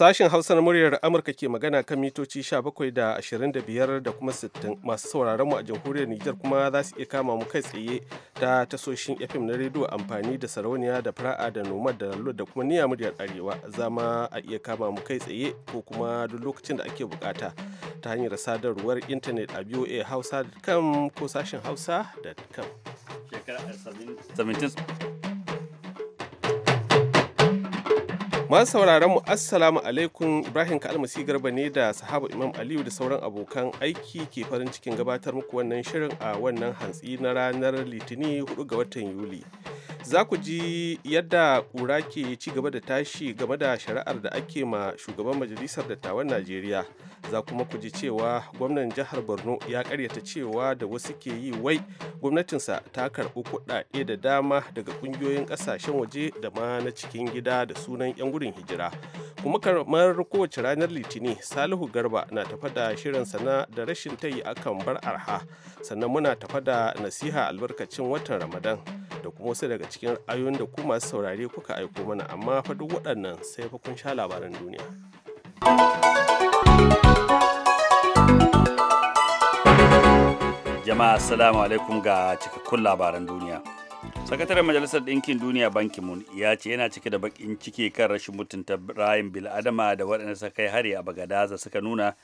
Sashen Hausa na muryar Amurka ke magana kan mitoci 17 da 25 da kuma 60 masu sauraron mu a jamhuriyar Nijar kuma za su iya kama mu kai tsaye ta tasoshin FM na rediyo amfani da sarauniya da fara'a da noma da lalo da kuma niya muryar arewa zama a iya kama mu kai tsaye ko kuma duk lokacin da ake bukata ta hanyar sadarwar intanet a voa hausa.com ko sashen hausa.com. Masu sauraron mu Assalamu alaikum Ibrahim Kalmasi Garba ne da sahaba Imam Aliyu da sauran abokan aiki ke farin cikin gabatar muku wannan shirin a wannan hantsi na ranar Litini 4 ga watan Yuli. Za ku ji yadda ƙura ke ci gaba da tashi game da shari'ar da ake ma shugaban majalisar dattawan Najeriya. Za kuma ku ji cewa gwamnan jihar Borno ya karyata cewa da wasu ke yi wai gwamnatinsa ta karɓi kuɗaɗe da dama daga ƙungiyoyin ƙasashen waje da ma na cikin gida da sunan 'yan gudun hijira kuma kamar kowace ranar litini salihu garba na tafa da shirin sana da rashin tayi akan bar arha sannan muna tafa da nasiha albarkacin watan ramadan da kuma wasu daga cikin ra'ayoyin da ku masu saurare kuka aiko mana amma fa duk waɗannan sai fa kun sha labaran duniya jama'a assalamu alaikum ga cikakkun labaran duniya sakataren majalisar ɗinkin duniya banki mun ya ce yana cike da bakin ciki kan rashin mutunta rayin bil'adama da waɗanda suka kai hari a bagadaza suka nuna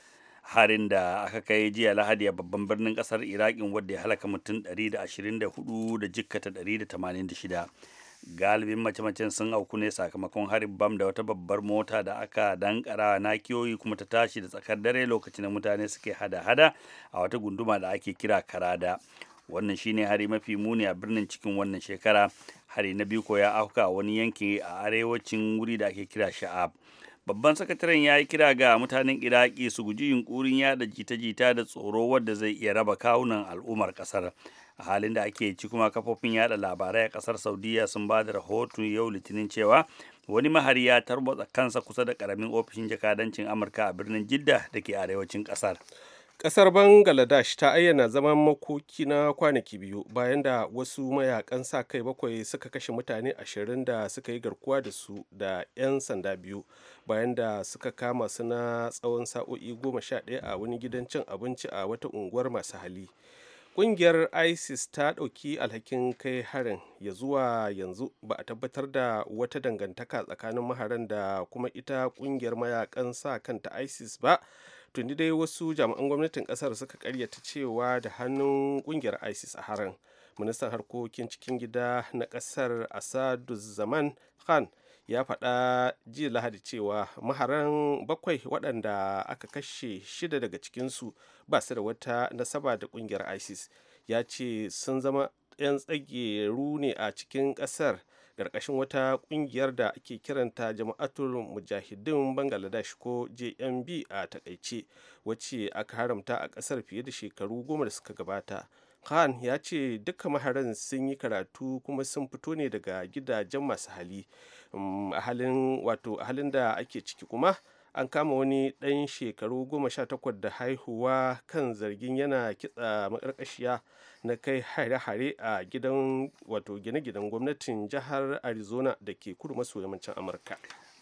harin da aka kai jiya lahadi a babban birnin ƙasar iraqin wadda ya halaka mutum 124 da jikkata 186 galibin mace-macen sun auku ne sakamakon harin bam da wata babbar mota da aka dankara na kiyoyi kuma ta tashi da tsakar dare lokacin da mutane suke hada-hada a wata gunduma da ake kira karada wannan shine hari mafi muni a birnin cikin wannan shekara hari na biyu ko ya afka wani yanki a arewacin wuri da ake kira sha'ab babban sakataren ya yi kira ga mutanen iraki su guji yunkurin yada jita-jita da tsoro wadda zai iya raba kawunan al'ummar kasar a halin da ake ci kuma kafofin yada labarai a kasar saudiya sun ba da rahoton yau litinin cewa wani mahari ya tarwatsa kansa kusa da karamin ofishin jakadancin amurka a birnin jidda da ke arewacin kasar Ƙasar Bangladesh ta ayyana zaman makoki na kwanaki biyu bayan da wasu mayakan sa kai bakwai suka kashe mutane ashirin da suka yi garkuwa da su da 'yan sanda biyu bayan da suka kama su na tsawon sa'o'i goma sha ɗaya a wani gidan cin abinci a wata unguwar masu hali. Ƙungiyar ISIS ta ɗauki alhakin kai harin ya zuwa yanzu ba a tabbatar da wata dangantaka tsakanin maharan da kuma ita ƙungiyar mayakan sa kanta ISIS ba. tuni dai wasu jami'an gwamnatin kasar suka karyata cewa da hannun kungiyar isis a harin ministan harkokin cikin gida na kasar asadu zaman khan ya faɗa jiya lahadi cewa maharan bakwai waɗanda aka kashe shida daga cikinsu ba su da wata nasaba da kungiyar isis ya ce sun zama 'yan tsageru ne a cikin ƙasar ƙarƙashin wata ƙungiyar da ake kiranta jama'atul mujahidin bangladesh ko jmb a takaice wacce aka haramta a ƙasar fiye da shekaru goma da suka gabata khan ya ce duka maharan sun yi karatu kuma sun fito ne daga gidajen masu hali um, a halin da ake ciki kuma an kama wani ɗan shekaru goma sha takwas da haihuwa kan zargin yana kitsa makarkashiya na kai hare-hare a gidan wato gine-gidan gwamnatin jihar arizona da ke kudu maso yammacin amurka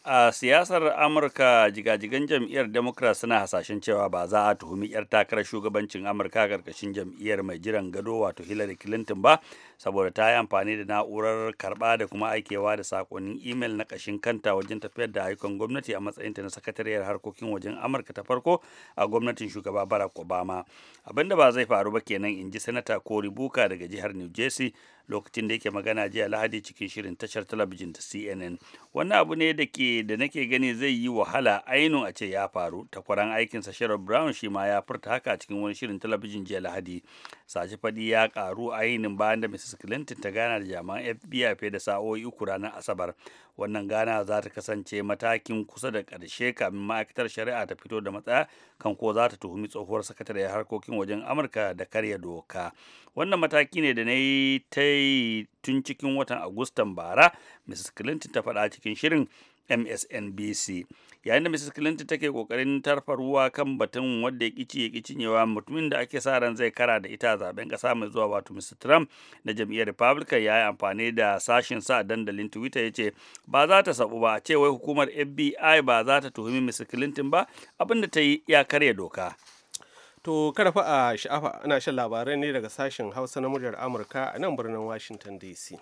a siyasar amurka jigajigan jam'iyyar democrat suna hasashen cewa ba za a tuhumi 'yar takarar shugabancin amurka karkashin jam'iyyar mai jiran gado wato hillary clinton ba saboda ta yi amfani da na'urar karba da kuma aikewa da sakonnin imel na kashin kanta wajen tafiyar da ayyukan gwamnati a matsayinta na sakatariyar harkokin wajen amurka ta farko a gwamnatin shugaba barack obama abinda ba zai faru ba kenan in ji sanata cory buka daga jihar new jersey lokacin da yake magana jiya lahadi cikin shirin tashar talabijin ta cnn wannan abu ne da ke da nake gani zai yi wahala ainun a ce ya faru takwaran aikinsa sherrod brown shi ma ya furta haka cikin wani shirin talabijin jiya lahadi saci faɗi ya karu ainihin bayan da mrs clinton ta gana da jami'an fbi fiye da sa'o'i uku ranar asabar wannan gana za ta kasance matakin kusa da ƙarshe kamin ma'aikatar shari'a ta fito da matsaya kan ko za ta tuhumi tsohuwar sakatare harkokin wajen amurka da karya doka wannan mataki ne da na yi ta yi tun cikin watan agustan bara mrs clinton ta faɗa cikin shirin msnbc yayin da mrs clinton take kokarin tarfa ruwa kan batun wadda ya kici ya cinyewa mutumin da ake sa ran zai kara da ita zaben kasa mai zuwa wato mr trump na jam'iyyar republican ya yi amfani da sashin sa dandalin twitter ya ce ba za ta sabu ba ce wai hukumar fbi ba za ta tuhumi mrs clinton ba abin da ta yi ya karya doka to kada fa a sha'afa ana shan labarai ne daga sashen hausa na muryar amurka a nan birnin washington dc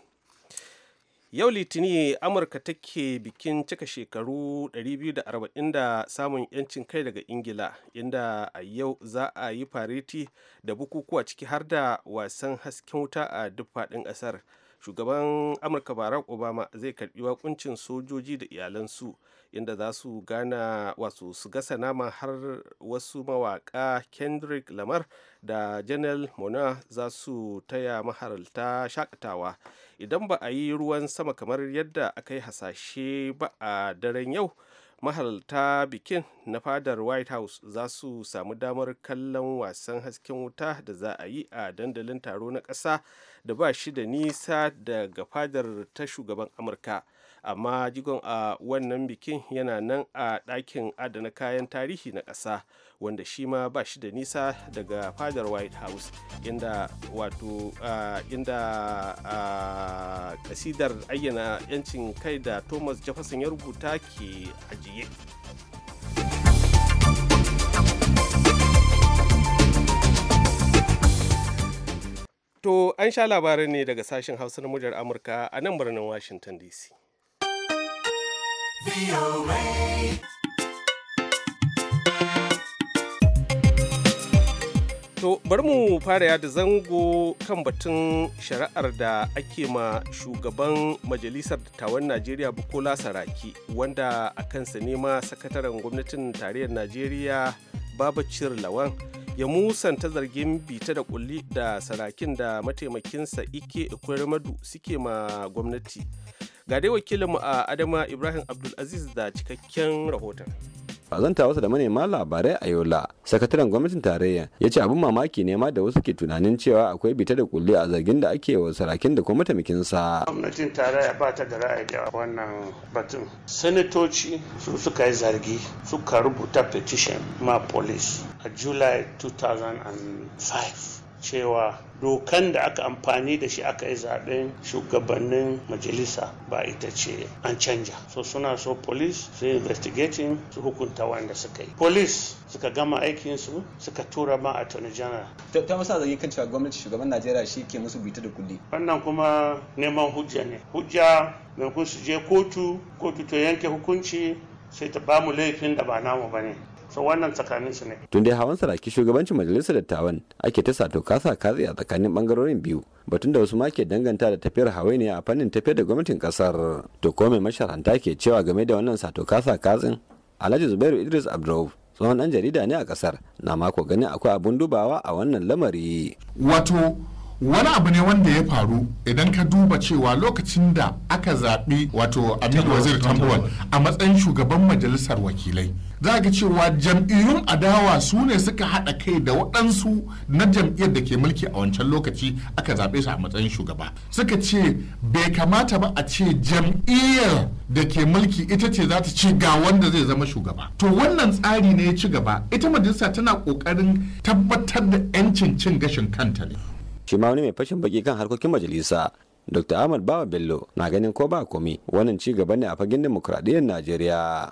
yau litini amurka take bikin cika shekaru 240 da samun yancin kai daga ingila inda a yau za a yi fareti da bukukuwa ciki har da wasan hasken wuta a duk faɗin ƙasar shugaban amurka barack obama zai karbi wakuncin sojoji da iyalansu inda za su gana wasu su gasa nama har wasu mawaka kendrick lamar da janel mona za su taya mahalarta shakatawa idan ba a yi ruwan sama kamar yadda aka yi hasashe ba a daren yau mahalarta bikin na fadar white house za su samu damar kallon wasan hasken wuta da za a yi a dandalin taro na ƙasa da ba shi da nisa daga fadar ta shugaban amurka amma jigon a wannan bikin yana nan a ɗakin adana kayan tarihi na ƙasa wanda shi ma ba shi da nisa daga fadar white house inda wato inda kasidar ayyana 'yancin kai da thomas jefferson ya rubuta ke ajiye To an sha labarin ne daga sashen Hausa na muryar Amurka a nan birnin Washington DC. To bari mu fara yada zango kan batun shari'ar da ake ma shugaban majalisar dattawan Najeriya Bukola Saraki wanda a kansa ne ma sakataren gwamnatin tarayyar Najeriya Babacir Lawan ya musanta zargin bita da kulli da sarakin da mataimakinsa Ike Ikwerimadu suke ma gwamnati. Ga dai wakilinmu a Adama Ibrahim Abdulaziz da cikakken rahoton. a zanta wasu da manema labarai a yola sakataren gwamnatin tarayya ya ce abin mamaki ne ma da wasu ke tunanin cewa akwai bita da kulle a zargin da ake wa sarakin da kuma sa gwamnatin tarayya ba ta da ra'ayi da wannan batun sanatoci su suka yi zargi suka rubuta petition ma police a july 2005 cewa dokan da aka amfani da shi aka yi zaɓen shugabannin majalisa ba ita ce an canja so suna so police su investigating su hukunta wanda suka yi police suka gama aikinsu suka tura ma attorney general ta masa zargi kan cewa gwamnati shugaban najeriya shi ke musu bita da kulli wannan kuma neman hujja ne hujja kun su je kotu kotu ta yanke hukunci sai ta bamu laifin da ba namu ba ne so wannan tsakanin su ne tun hawan saraki shugabancin majalisar dattawan ake ta sato kasa katse a tsakanin bangarorin biyu batun da wasu ma ke danganta da tafiyar ne a fannin tafiyar da gwamnatin kasar to ko mai masharanta ke cewa game da wannan sato kasa katsin alhaji zubairu idris abdurrauf tsohon dan jarida ne a kasar na mako ganin akwai abun dubawa a wannan lamari wato wani abu ne wanda ya faru idan ka duba cewa lokacin da aka zaɓi wato amir wazir tambuwan a matsayin shugaban majalisar wakilai za ga cewa jam'iyyun adawa su ne suka haɗa kai da waɗansu na jam'iyyar da ke mulki a wancan lokaci aka zaɓe su a matsayin shugaba suka ce bai kamata ba a ce jam'iyyar da ke mulki ita ce za ta ci ga wanda zai zama shugaba to wannan tsari ne ya ci gaba ita majalisa tana ƙoƙarin tabbatar da 'yancin cin gashin kanta ne shi ma wani mai fashin baki kan harkokin majalisa dr ahmad bawa bello na ganin ko ba komi wannan ci gaba ne a fagen demokuraɗiyyar najeriya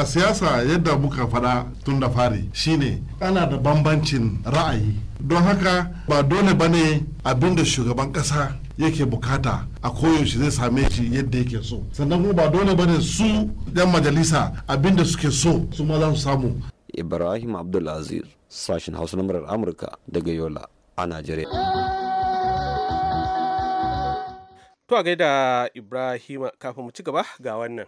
a siyasa yadda muka faɗa tun da fari shine ana da bambancin ra'ayi don haka ba dole ba ne abinda shugaban ƙasa yake bukata a koyaushe zai same shi yadda yake so sannan kuma ba dole ba ne su yan majalisa abinda suke so su ma za su samu ibrahim abdulaziz sashen hausa na murar amurka daga yola a najeriya to a gaida ibrahima kafin mu ci gaba ga wannan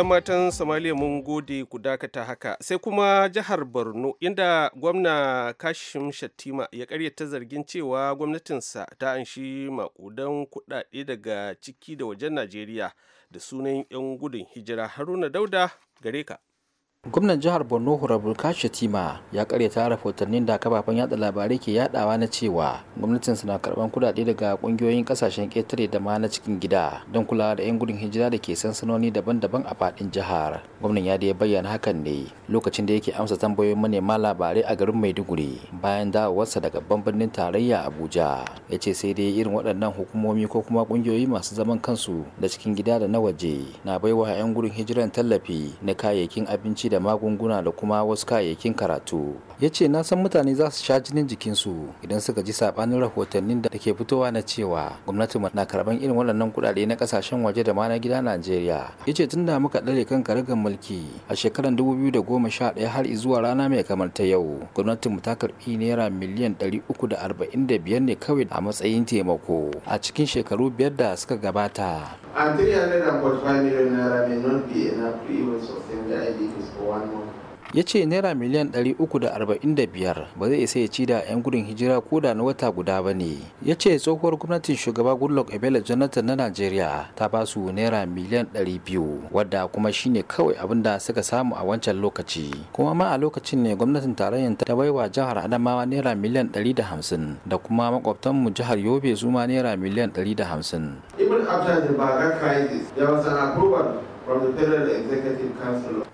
'yan matan somaliya mun gode ku dakata haka sai kuma jihar borno inda gwamna kashim shattima ya karyata zargin cewa gwamnatinsa ta anshi makudan kudade daga ciki da wajen najeriya da sunan 'yan gudun hijira haruna dauda gare ka gwamnan jihar borno hurabul shatima ya karyata rahotannin da kafafen yada labarai ke yadawa na cewa gwamnatin suna karban kudade daga kungiyoyin kasashen ketare da ma na cikin gida don kula da yan gudun hijira da ke sansanoni daban-daban a fadin jihar gwamnan ya ya bayyana hakan ne lokacin da yake amsa tambayoyin manema labarai a garin maiduguri bayan dawowarsa daga babban tarayya abuja ya ce sai dai irin waɗannan hukumomi ko kuma kungiyoyi masu zaman kansu da cikin gida da na waje na baiwa yan gudun hijiran tallafi na kayayyakin abinci da magunguna da kuma wasu kayayyakin karatu ya ce na san mutane za su sha jinin jikinsu idan suka ji sabanin rahotannin da ke fitowa na cewa gwamnati na karban irin waɗannan kuɗaɗe na ƙasashen waje da ma na gida najeriya ya ce tun da muka ɗare kan karagar mulki a shekarar da goma sha ɗaya har zuwa rana mai kamar ta yau gwamnatin ta karɓi naira miliyan ɗari uku da da arba'in biyar ne kawai a matsayin taimako a cikin shekaru biyar da suka gabata. a 345 million naira may not be enough to sustain the ya ce naira miliyan 345 ba zai isa ya ci da 'yan gudun hijira ko da na wata guda ba ne ya ce tsohuwar gwamnatin shugaba goodluck ebele jonathan na nigeria ta ba su naira miliyan 200 wadda kuma shine kawai abin da suka samu a wancan lokaci kuma ma a lokacin ne gwamnatin tarayyar ta bai wa jihar adamawa naira miliyan 150 da kuma mu jihar yobe zuma naira miliyan 150 even after approval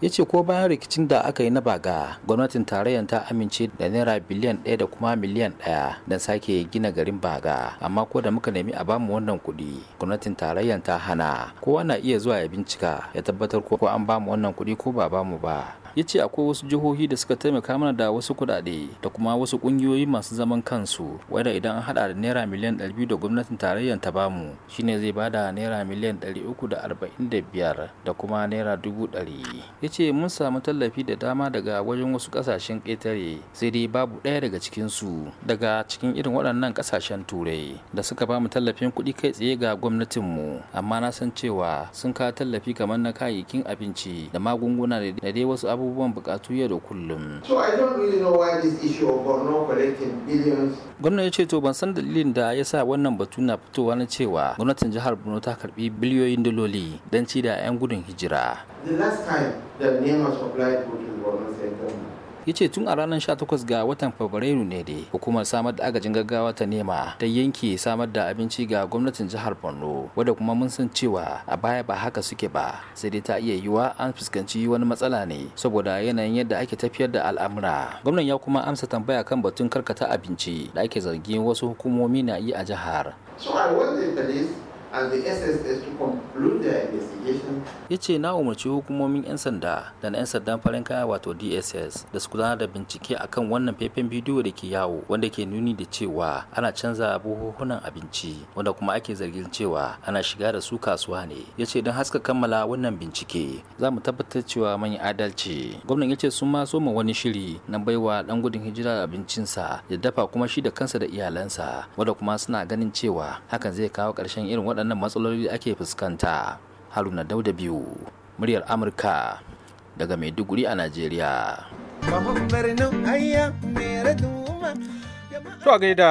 ya ce ko bayan rikicin da aka yi na baga gwamnatin tarayyar ta amince da naira biliyan ɗaya da kuma miliyan ɗaya don sake gina garin baga amma ko da muka nemi a bamu wannan kuɗi gwamnatin tarayyar ta hana kowa na iya zuwa ya bincika ya tabbatar ko an bamu wannan kuɗi ko ba bamu ba ya ce akwai wasu jihohi da suka taimaka mana da wasu kudade da kuma wasu kungiyoyi masu zaman kansu wadda idan an haɗa da naira miliyan 200 da gwamnatin tarayyar ta bamu shine zai bada naira miliyan 345 da kuma naira 100 ya ce mun samu tallafi da dama daga wajen wasu kasashen ƙetare sai dai babu ɗaya daga cikinsu daga cikin irin waɗannan kasashen turai da suka bamu tallafin kuɗi kai tsaye ga gwamnatinmu amma na san cewa sun kawo tallafi kamar na kayayyakin abinci da magunguna da dai wasu abubuwa abubuwan bukatu yau da kullum. gwamnan ya ce to ban san dalilin da ya sa wannan batu na fitowa na cewa gwamnatin jihar Borno ta karbi biliyoyin daloli don ci da 'yan gudun hijira. The last time the name was applied for ya ce tun a ranar 18 ga watan fabrairu ne dai hukumar samar da agajin gaggawa ta nema ta yanke samar da abinci ga gwamnatin jihar borno wadda kuma mun san cewa a baya ba haka suke ba sai dai ta iya yiwa an fuskanci wani matsala ne saboda yanayin yadda ake tafiyar da al'amura gwamnan ya kuma amsa tambaya kan batun karkata abinci da ake zargin wasu hukumomi na yi a jihar. So I want the ya ce na umarci hukumomin 'yan sanda da na 'yan sandan farin kaya wato dss da su gudanar da bincike akan wannan faifan bidiyo da ke yawo wanda ke nuni da cewa ana canza buhuhunan abinci wanda kuma ake zargin cewa ana shiga da su kasuwa ne ya ce don haska kammala wannan bincike za mu tabbatar cewa manyan adalci gwamnan ya ce sun ma soma wani shiri na baiwa dan gudun hijira abincinsa ya dafa kuma shi da kansa da iyalansa wanda kuma suna ganin cewa hakan zai kawo ƙarshen irin waɗannan matsaloli ake fuskanta haruna dauda biyu muryar amurka daga maiduguri a najeriya to a gaida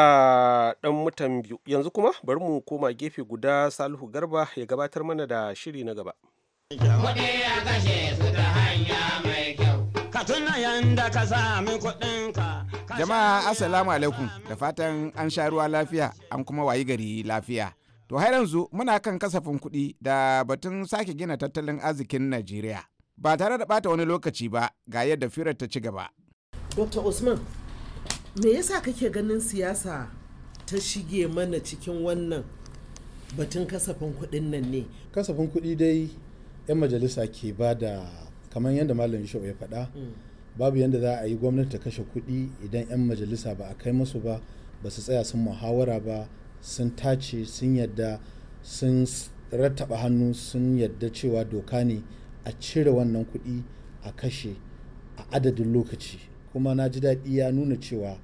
ɗan mutan biyu yanzu kuma bari mu koma gefe guda salihu garba ya gabatar mana da shiri na gaba Jama'a Assalamu alaikum da fatan an sha ruwa lafiya an kuma wayi gari lafiya. To har yanzu muna kan kasafin kuɗi da batun sake gina tattalin arzikin Najeriya. Ba tare da bata wani lokaci ba ga yadda firar ta ci gaba. Dr. Usman, me yasa kake ganin siyasa ta shige mana cikin wannan batun kasafin kuɗin nan ne? Kasafin kuɗi dai 'yan majalisa ke ba da kamar yadda Malam Yusuf ya faɗa. Mm. Babu yadda za a yi gwamnati ta kashe kuɗi idan 'yan majalisa ba a kai musu ba, ba su tsaya sun muhawara ba, sun tace sun yadda sun rattaba hannu sun yadda cewa doka ne a cire wannan kuɗi a kashe a adadin lokaci kuma na ji daɗi ya nuna cewa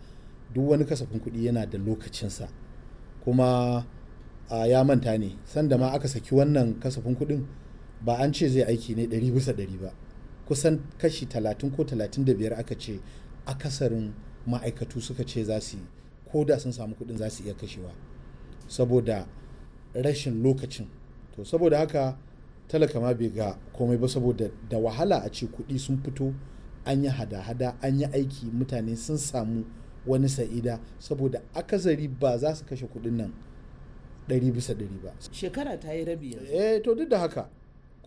duk wani kasafin kuɗi yana da lokacinsa kuma a ya manta ne sanda ma aka saki wannan kasafin kuɗin ba an ce zai aiki ne ɗari bisa ɗari ba kusan kashi talatin ko talatin da biyar aka ce akasarin ma'aikatu suka ce za su yi ko da sun samu kuɗin za su iya kashewa saboda rashin lokacin to saboda haka talaka ma bai ga komai ba saboda da wahala a ce kuɗi sun fito an yi hada-hada an yi aiki mutane sun samu wani sa'ida saboda akasari ba za su kashe kuɗin nan ɗari bisa ɗari ba shekara ta yi rabi yanzu eh to duk da haka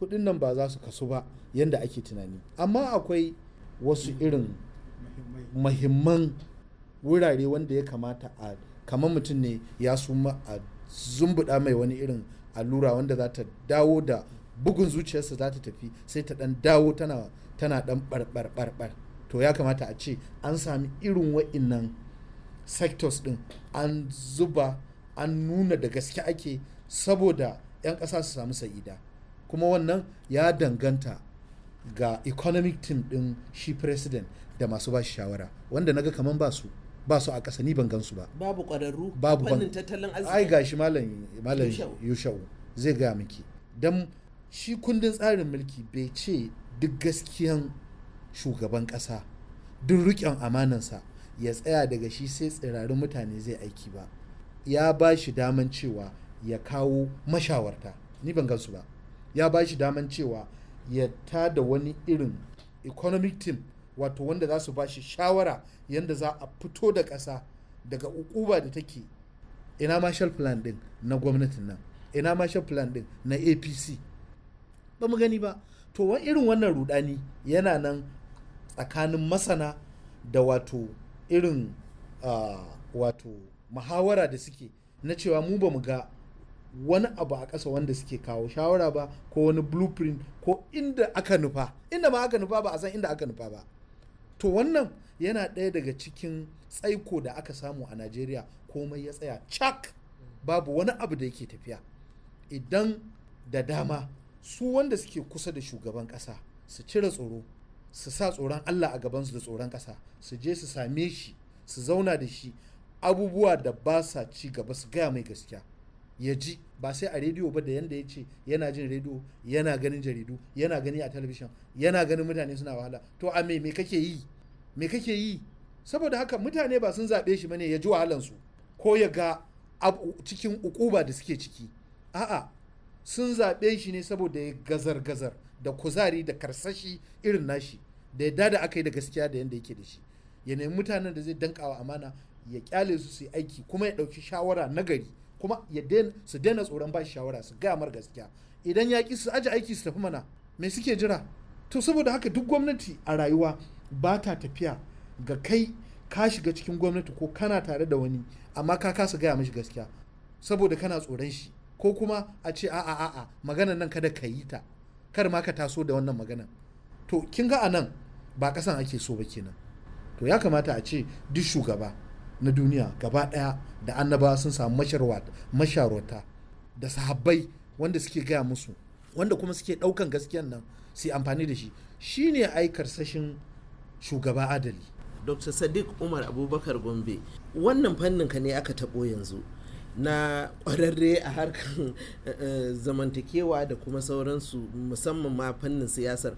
kuɗin nan ba za su kasu ba yanda ake tunani amma akwai wasu irin mahimman wurare wanda ya kamata a kamar mutum ne ya suma a zumbuda mai wani irin allura wanda za ta dawo da bugun zuciyarsa za ta tafi sai ta dan dawo tana tana dan barbar to ya kamata a ce an sami irin wa'innan sectors din an zuba an nuna da gaske ake saboda 'yan ƙasa su samu sa'ida kuma wannan ya danganta ga economic team din shi president da masu ba shawara wanda naga kaman ba su ba su a ƙasa ni ban gansu ba babu ƙwararru babu fannin tattalin arziki ai gashi malam malam yushau zai gaya miki dan shi kundin tsarin mulki bai ce duk gaskiyan shugaban ƙasa duk riƙon amanansa ya tsaya daga shi sai tsirarin mutane zai aiki ba ya ba shi daman cewa ya kawo mashawarta ni ban gansu ba ya ba shi daman cewa ya tada wani irin economic team wato wanda za su ba shi shawara yadda za a fito da ƙasa daga ukuba da take ina marshal plan din na gwamnatin nan ina marshal plan din na apc ba mu gani ba to wa irin wannan rudani yana nan tsakanin masana da wato irin uh, wato muhawara da suke na cewa mu ba mu ga wani abu a ƙasa wanda suke kawo shawara ba ko wani blueprint ko inda aka nufa inda ma aka nufa ba a san inda aka nufa ba to wannan yana ɗaya daga cikin tsaiko da aka samu a najeriya komai ya tsaya cak babu wani abu da yake tafiya idan da dama su wanda suke kusa da shugaban ƙasa su cire tsoro su sa tsoron allah a gabansu da tsoron ƙasa su je su same shi su zauna da shi abubuwa da ba sa ci gaba su gaya mai gaskiya ya ji ba sai a rediyo ba da yanda ya ce yana jin rediyo yana ganin jaridu yana gani a talabishin yana ganin mutane suna wahala to a me kake yi me kake yi saboda haka mutane ba sun zaɓe shi bane ya ji wahalansu ko ya ga cikin ukuba da suke ciki a'a sun zaɓe shi ne saboda ya gazar-gazar da kuzari da karsashi irin nashi da yadda da aka yi da gaskiya da yadda yake da shi ya nemi mutanen da zai dankawa amana ya kyale su su yi aiki kuma ya ɗauki shawara nagari kuma su daina tsoron ba shawara su gaya mar gaskiya idan ya ki su aji aiki su tafi mana me suke jira to saboda haka duk gwamnati a rayuwa ba ta tafiya ga kai ka shiga cikin gwamnati ko kana tare da wani amma ka kasa gaya mishi gaskiya saboda kana tsoron shi ko kuma a ce a'a a'a maganan nan kada ka yi ta kar ma ka taso da wannan maganan to kin ga anan ba kasan ake so ba kenan to ya kamata a ce duk shugaba na duniya gaba ɗaya da annaba sun samu masharwata da sahabbai wanda suke gaya musu wanda kuma suke ɗaukan gaskiyan nan su amfani da shi shi ne aikar sashin shugaba adali dr sadiq umar abubakar gombe wannan fannin ka ne aka taɓo yanzu na kwararre a harkar eh, eh, zamantakewa da kuma sauransu musamman ma fannin siyasar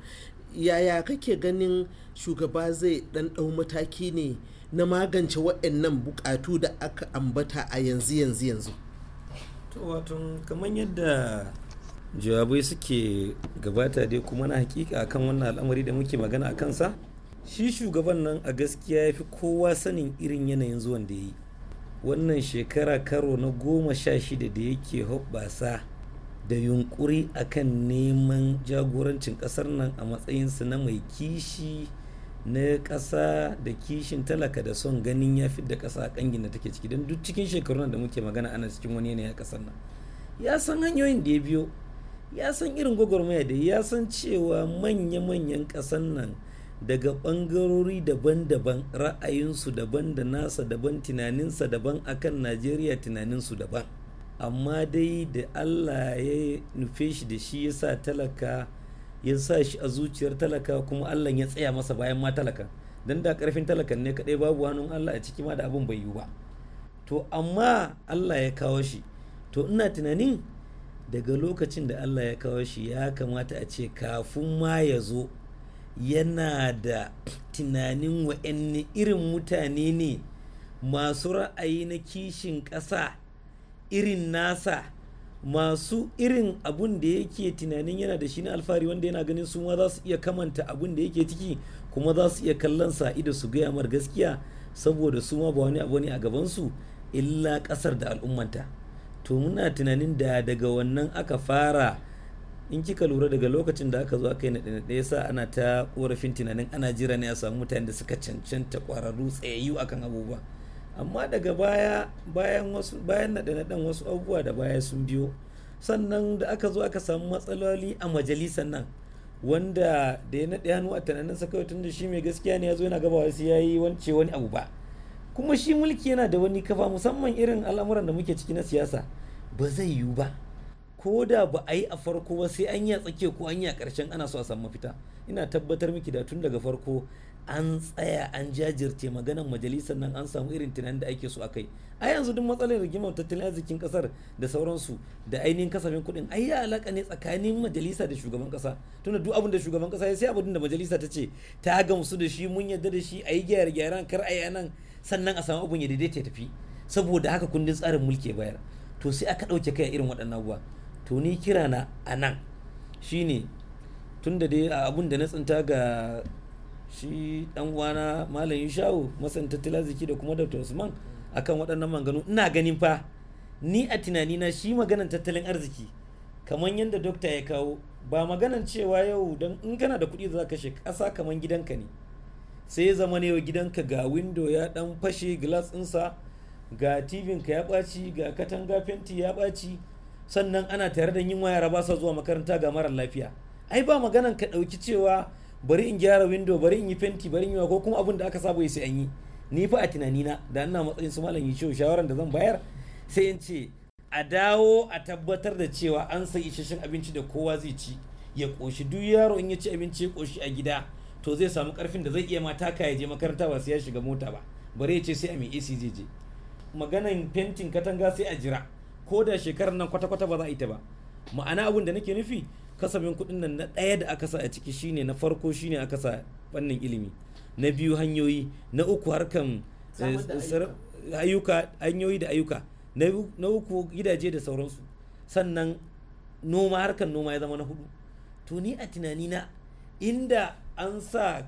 yaya kake ganin shugaba zai dan mataki ne na magance waɗannan buƙatu da aka ambata a yanzu yanzu yanzu to wato kamar yadda jawabai suke gabata dai kuma na hakika akan wannan al'amari da muke magana a kansa shi shugaban nan a gaskiya ya fi kowa sanin irin yanayin zuwan da ya yi wannan shekara karo na goma sha shida da yake hoɓɓasa da yunƙuri akan neman jagorancin ƙasar nan a matsayinsa na mai kishi na ƙasa da kishin talaka da son ganin ya fi da ƙasa ƙangin da take ciki don duk cikin shekarun da muke magana ana cikin wani yanayi a ƙasar nan ya san hanyoyin da ya biyo ya san irin gwagwarmaya da ya san cewa manya-manyan ƙasar nan daga ɓangarori daban-daban ra'ayinsu daban da nasa daban tunaninsa daban akan najeriya tunaninsu daban amma dai da allah ya nufe shi da shi ya sa talaka ya sa shi a zuciyar talaka kuma Allah ya tsaya masa bayan ma talaka dan da karfin talakan ne kadai babu hannun Allah a ciki ma da abin bai yiwu ba to amma Allah ya kawo shi to ina tunanin daga lokacin da Allah ya kawo shi ya kamata a ce kafin ma ya zo yana da tunanin wa'anne irin mutane ne masu ra'ayi na kishin ƙasa irin nasa masu irin abun da yake tunanin yana da shi na alfahari wanda yana ganin su ma za su iya kamanta abun da yake ciki kuma za su iya kallon sa ido su gaya mar gaskiya saboda su ma ba wani abu ne a gabansu illa kasar da al'ummanta to muna tunanin da daga wannan aka fara in kika lura daga lokacin da aka zo aka yi na ɗaya sa ana ta korafin tunanin ana jira ne a samu mutane da suka cancanta ƙwararru tsayayyu akan abubuwa amma daga baya bayan wasu bayan naɗe-naɗen wasu abubuwa da baya sun biyo sannan da aka zo aka samu matsaloli a majalisar nan wanda da ya naɗe hannu a tunanin sa kawai tunda shi mai gaskiya ne ya zo yana gaba wasu ya wance wani abu ba kuma shi mulki yana da wani kafa musamman irin al'amuran da muke ciki na siyasa ba zai yiwu ba ko da ba a yi a farko ba sai an ya tsake ko an ya karshen ana so a samu mafita ina tabbatar miki da tun daga farko an tsaya an jajirce maganan majalisa nan an samu irin tunanin da ake so a kai a yanzu duk matsalar rigimar tattalin arzikin kasar da sauransu da ainihin kasafin kuɗin ai ya alaka ne tsakanin majalisa da shugaban kasa tunda duk abin da shugaban kasa ya sai abin da majalisa ta ce ta gamsu da shi mun yarda da shi a yi gyare gyaran kar a yi nan sannan a samu abin ya daidaita tafi saboda haka kundin tsarin mulki ya bayar to sai aka ɗauke kai irin waɗannan abubuwa to kira na a nan shi ne tun da dai abun da na tsinta ga shi dan uwana malam yushawu masan tattalin arziki da kuma dr usman akan waɗannan maganganu ina ganin fa ni a tunani na shi maganan tattalin arziki kamar yadda dokta ya kawo ba maganan cewa yau don in kana da kuɗi za ka shi ƙasa kamar gidanka ne sai zama ne gidanka ga windo ya ɗan fashe glass ɗinsa ga ka ya ɓaci ga katanga fenti ya ɓaci sannan ana tare da yin yara ba sa zuwa makaranta ga mara lafiya ai ba maganan ka dauki cewa bari in gyara window bari in yi fenti bari in yi ko kuma abin da aka saba sai an yi ni fa a tunani na da ina matsayin su malam yace shawaran da zan bayar sai in ce a dawo a tabbatar da cewa an sai isasshen abinci da kowa zai ci ya koshi duk yaro in ya ci abinci ya koshi a gida to zai samu karfin da zai iya ma taka ya je makaranta ba sai ya shiga mota ba bari ya ce sai a mai AC je maganan fentin katanga sai a jira ko da shekarar nan kwata-kwata ba za a yi ta ba ma'ana abin da nake nufi kasafin kuɗin nan na ɗaya da aka sa a ciki shine na farko shine aka sa fannin ilimi na biyu hanyoyi na uku harkan eh, hanyoyi da ayyuka na uku gidaje da sauransu sannan noma harkan noma ya zama na hudu to ni a na inda an sa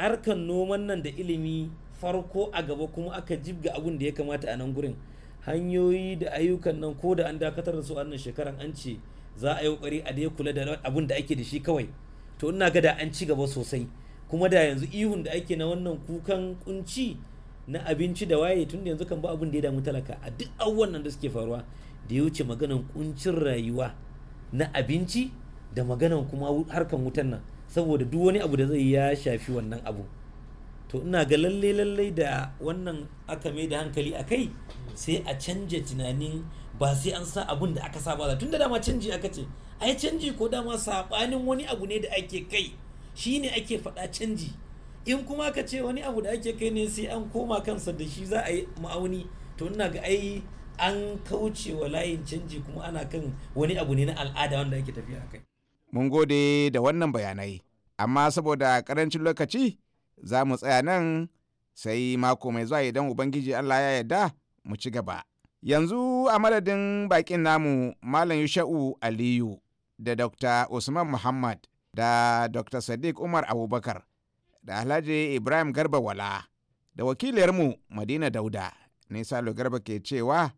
harkan noman nan da ilimi farko a gaba kuma aka jibga abin da ya kamata a nan gurin hanyoyi da ayyukan nan ko da an dakatar da su annan shekaran an ce za a yi kokari a dai kula da abin da ake da shi kawai to ina ga da an ci gaba sosai kuma da yanzu ihun da ake na wannan kukan kunci na abinci da waye tun da yanzu kan ba abin da ya damu talaka a duk abubuwan nan da suke faruwa da ya wuce maganan kuncin rayuwa na abinci da maganan kuma harkan wutan nan saboda duk wani abu da zai ya shafi wannan abu to ina ga lalle lalle da wannan aka mai da hankali a kai sai a canja tunanin ba sai an sa abun da aka saba da tunda dama canji aka ce ai canji ko dama sabanin wani abu ne da ake kai shi ne ake faɗa canji in kuma ka ce wani abu da ake kai ne sai an koma kansa da shi za a yi ma'auni to ina ga ai an kauce wa layin canji kuma ana kan wani abu ne na al'ada wanda ake tafiya kai mun gode da wannan bayanai amma saboda karancin lokaci za mu tsaya nan sai mako mai zuwa idan ubangiji allah ya yarda mu ci gaba. Yanzu a madadin bakin namu Malam Yusha'u Aliyu da Dr. Usman Muhammad da Dr. Sadiq Umar Abubakar da Alhaji Ibrahim Garba Wala da wakiliyarmu Madina Dauda ne Salo Garba ke cewa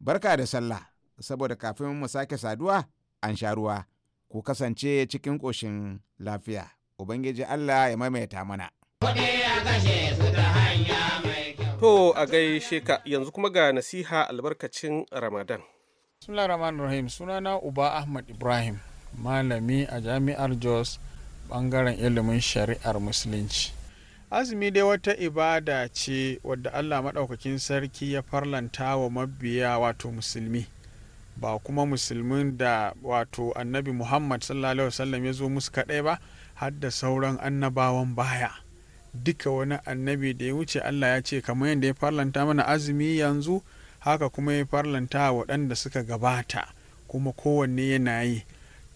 barka da sallah saboda kafin mu sake saduwa an sha ruwa ku kasance cikin ƙoshin lafiya. Ubangiji Allah ya maimaita mana. Kuɗi a kashe su ta hanya mai To a gaishe ka yanzu kuma ga nasiha albarkacin Ramadan. Bismillah Rahman Rahim sunana Uba Ahmad Ibrahim malami a jami'ar Jos bangaren ilimin shari'ar musulunci. Azumi dai wata ibada ce wadda Allah maɗaukakin sarki ya farlanta wa mabiya wato musulmi. ba kuma musulmin da wato annabi muhammad sallallahu alaihi wasallam ya zo musu kaɗai ba har da sauran annabawan baya duka wani annabi da ya wuce Allah ya ce kamar yadda ya farlanta mana azumi yanzu haka kuma ya farlanta waɗanda suka gabata kuma kowanne yana yi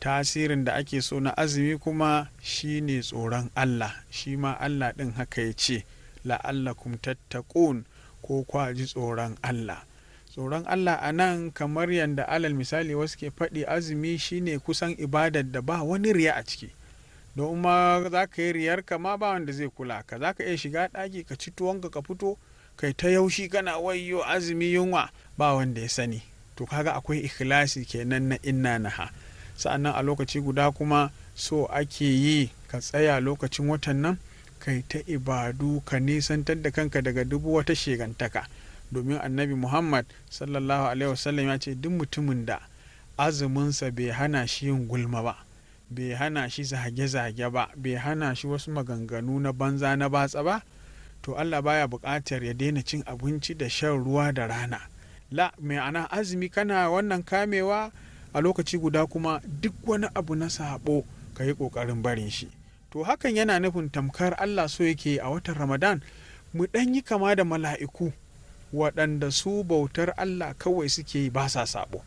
tasirin da ake so na azumi kuma shine tsoron Allah shi ma Allah ɗin haka ya ce la'allakum tattaqun ko kwaji tsoron Allah tsoron Allah a nan kamar yadda alal misali wasu ke faɗi azumi shine kusan ibadar da ba wani riya a ciki noma zaka za ka yi riyar ka ma ba wanda zai kula ka za ka iya shiga ɗaki ka ci tuwonka ka fito kai ta yaushi kana wayo azumi yunwa ba wanda ya sani to kaga akwai ikhlasi kenan na inna naha sa'annan a lokaci guda kuma so ake yi ka tsaya lokacin watan nan kai ta ibadu ka nisantar da kanka daga dubu wata shegantaka domin annabi muhammad sallallahu alaihi wasallam ya ce duk mutumin da azuminsa bai hana shi yin gulma ba bai hana shi zage-zage ba bai hana shi wasu maganganu na banza na batsa ba to Allah baya buƙatar ya daina cin abinci da shan ruwa da rana la mai ana azumi kana wannan kamewa a lokaci guda kuma duk wani abu na sabo ka yi ƙoƙarin barin shi to hakan yana nufin tamkar Allah so yake a watan Ramadan mu ɗan yi kama da mala'iku waɗanda su bautar Allah kawai suke yi ba sa sabo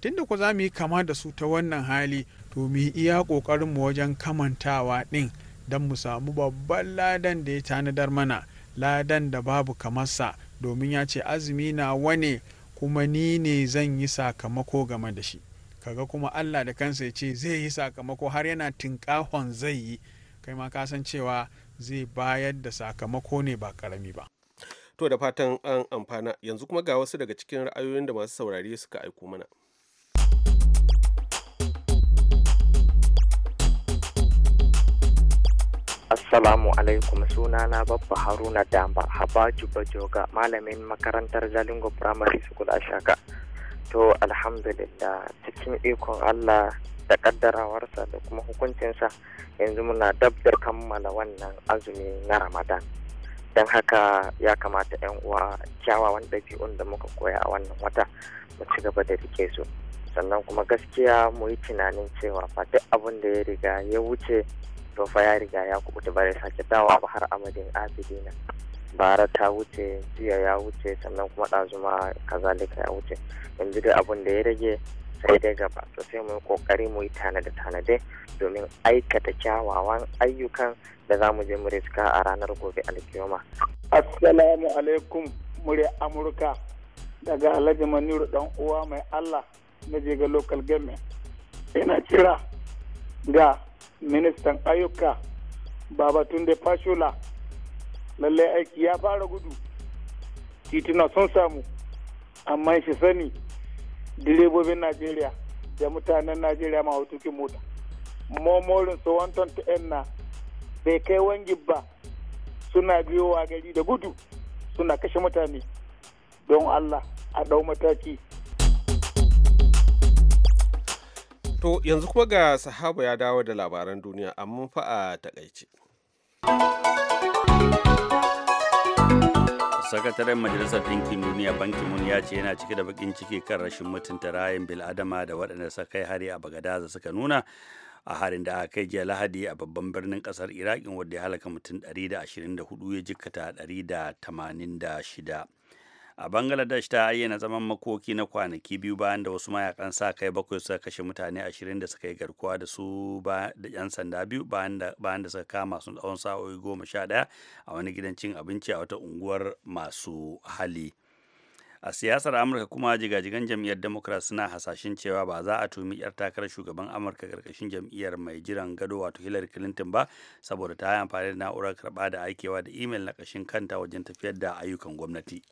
tunda ku za mu yi kama da su ta wannan hali to mu iya ƙoƙarin mu wajen kamantawa ɗin don mu samu babban ladan da ya tanadar mana ladan da babu kamarsa domin ya ce azumi na wane kuma ni ne zan yi sakamako game da shi kaga kuma Allah da kansa ya ce zai yi sakamako har yana tinkahon zai yi kai ma ka san cewa zai bayar da sakamako ne ba karami ba to da fatan an amfana yanzu kuma ga wasu daga cikin ra'ayoyin da masu saurari suka aiko mana Assalamu alaikum suna na babba Haruna Damba Habaju Bajoga malamin makarantar Jalingo Primary School a Shaka. To alhamdulillah cikin ikon Allah da kaddarawarsa da kuma hukuncinsa yanzu muna dabdar kammala wannan azumi na Ramadan. Don haka ya kamata 'yan uwa kyawawan ɗabi'un da muka koya a wannan wata mu ci gaba da rike su. Sannan kuma gaskiya mu yi tunanin cewa fa duk abin da ya riga ya wuce to fa ya riga ya kubuta ba sake dawa ba har amadin abidina bara ta wuce jiya ya wuce sannan kuma ɗazuma kazalika ya wuce yanzu dai abun da ya rage sai dai gaba to sai mu yi kokari mu yi tanade tanade domin aikata kyawawan ayyukan da za mu je mu riska a ranar gobe alkiyoma assalamu alaikum murya amurka daga alhaji maniru dan uwa mai allah na je ga local government ina kira ga ministan ayyuka babatunde fashola lallai aiki ya fara gudu tituna sun samu amma shi sani direbobin najeriya da mutanen najeriya ma hutukin mota momorin su wanton ta na bai kai wangi ba suna biyowa gari da gudu suna kashe mutane don allah a ɗau mataki To yanzu kuma ga sahaba ya dawo da labaran duniya amma fa a takaice. sakataren majalisar ɗinkin duniya bankin mun ya ce yana cike da bakin ciki kan rashin mutunta rayin bil'adama da waɗanda suka kai hari a da suka nuna a harin da aka kai jiya lahadi a babban birnin kasar iraki wadda ya halaka mutum 124 ya jikkata 186 a bangladesh ta ayyana zaman makoki na kwanaki biyu bayan da wasu mayakan sa kai bakwai suka kashe mutane ashirin da suka yi garkuwa da su da yan sanda biyu bayan da suka kama su tsawon sa'o'i goma sha daya a wani gidan cin abinci a wata unguwar masu hali a siyasar amurka kuma jigajigan jam'iyyar democrat suna hasashen cewa ba za a tumi yar takarar shugaban amurka karkashin jam'iyyar mai jiran gado wato hillary clinton ba saboda ta yi amfani da na'urar karba da aikewa da imel na kashin kanta wajen tafiyar da ayyukan gwamnati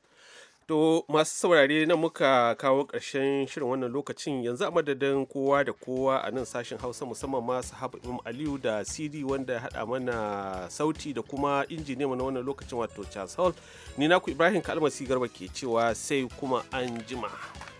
To masu saurare nan muka kawo ƙarshen shirin wannan lokacin yanzu a madadin kowa da kowa a nan sashen Hausa musamman ma sahabu Imam Aliyu da CD wanda ya haɗa mana sauti da kuma injiniya na wannan lokacin wato Charles Hall. Ni naku Ibrahim Kalmasi Garba ke cewa sai kuma an jima.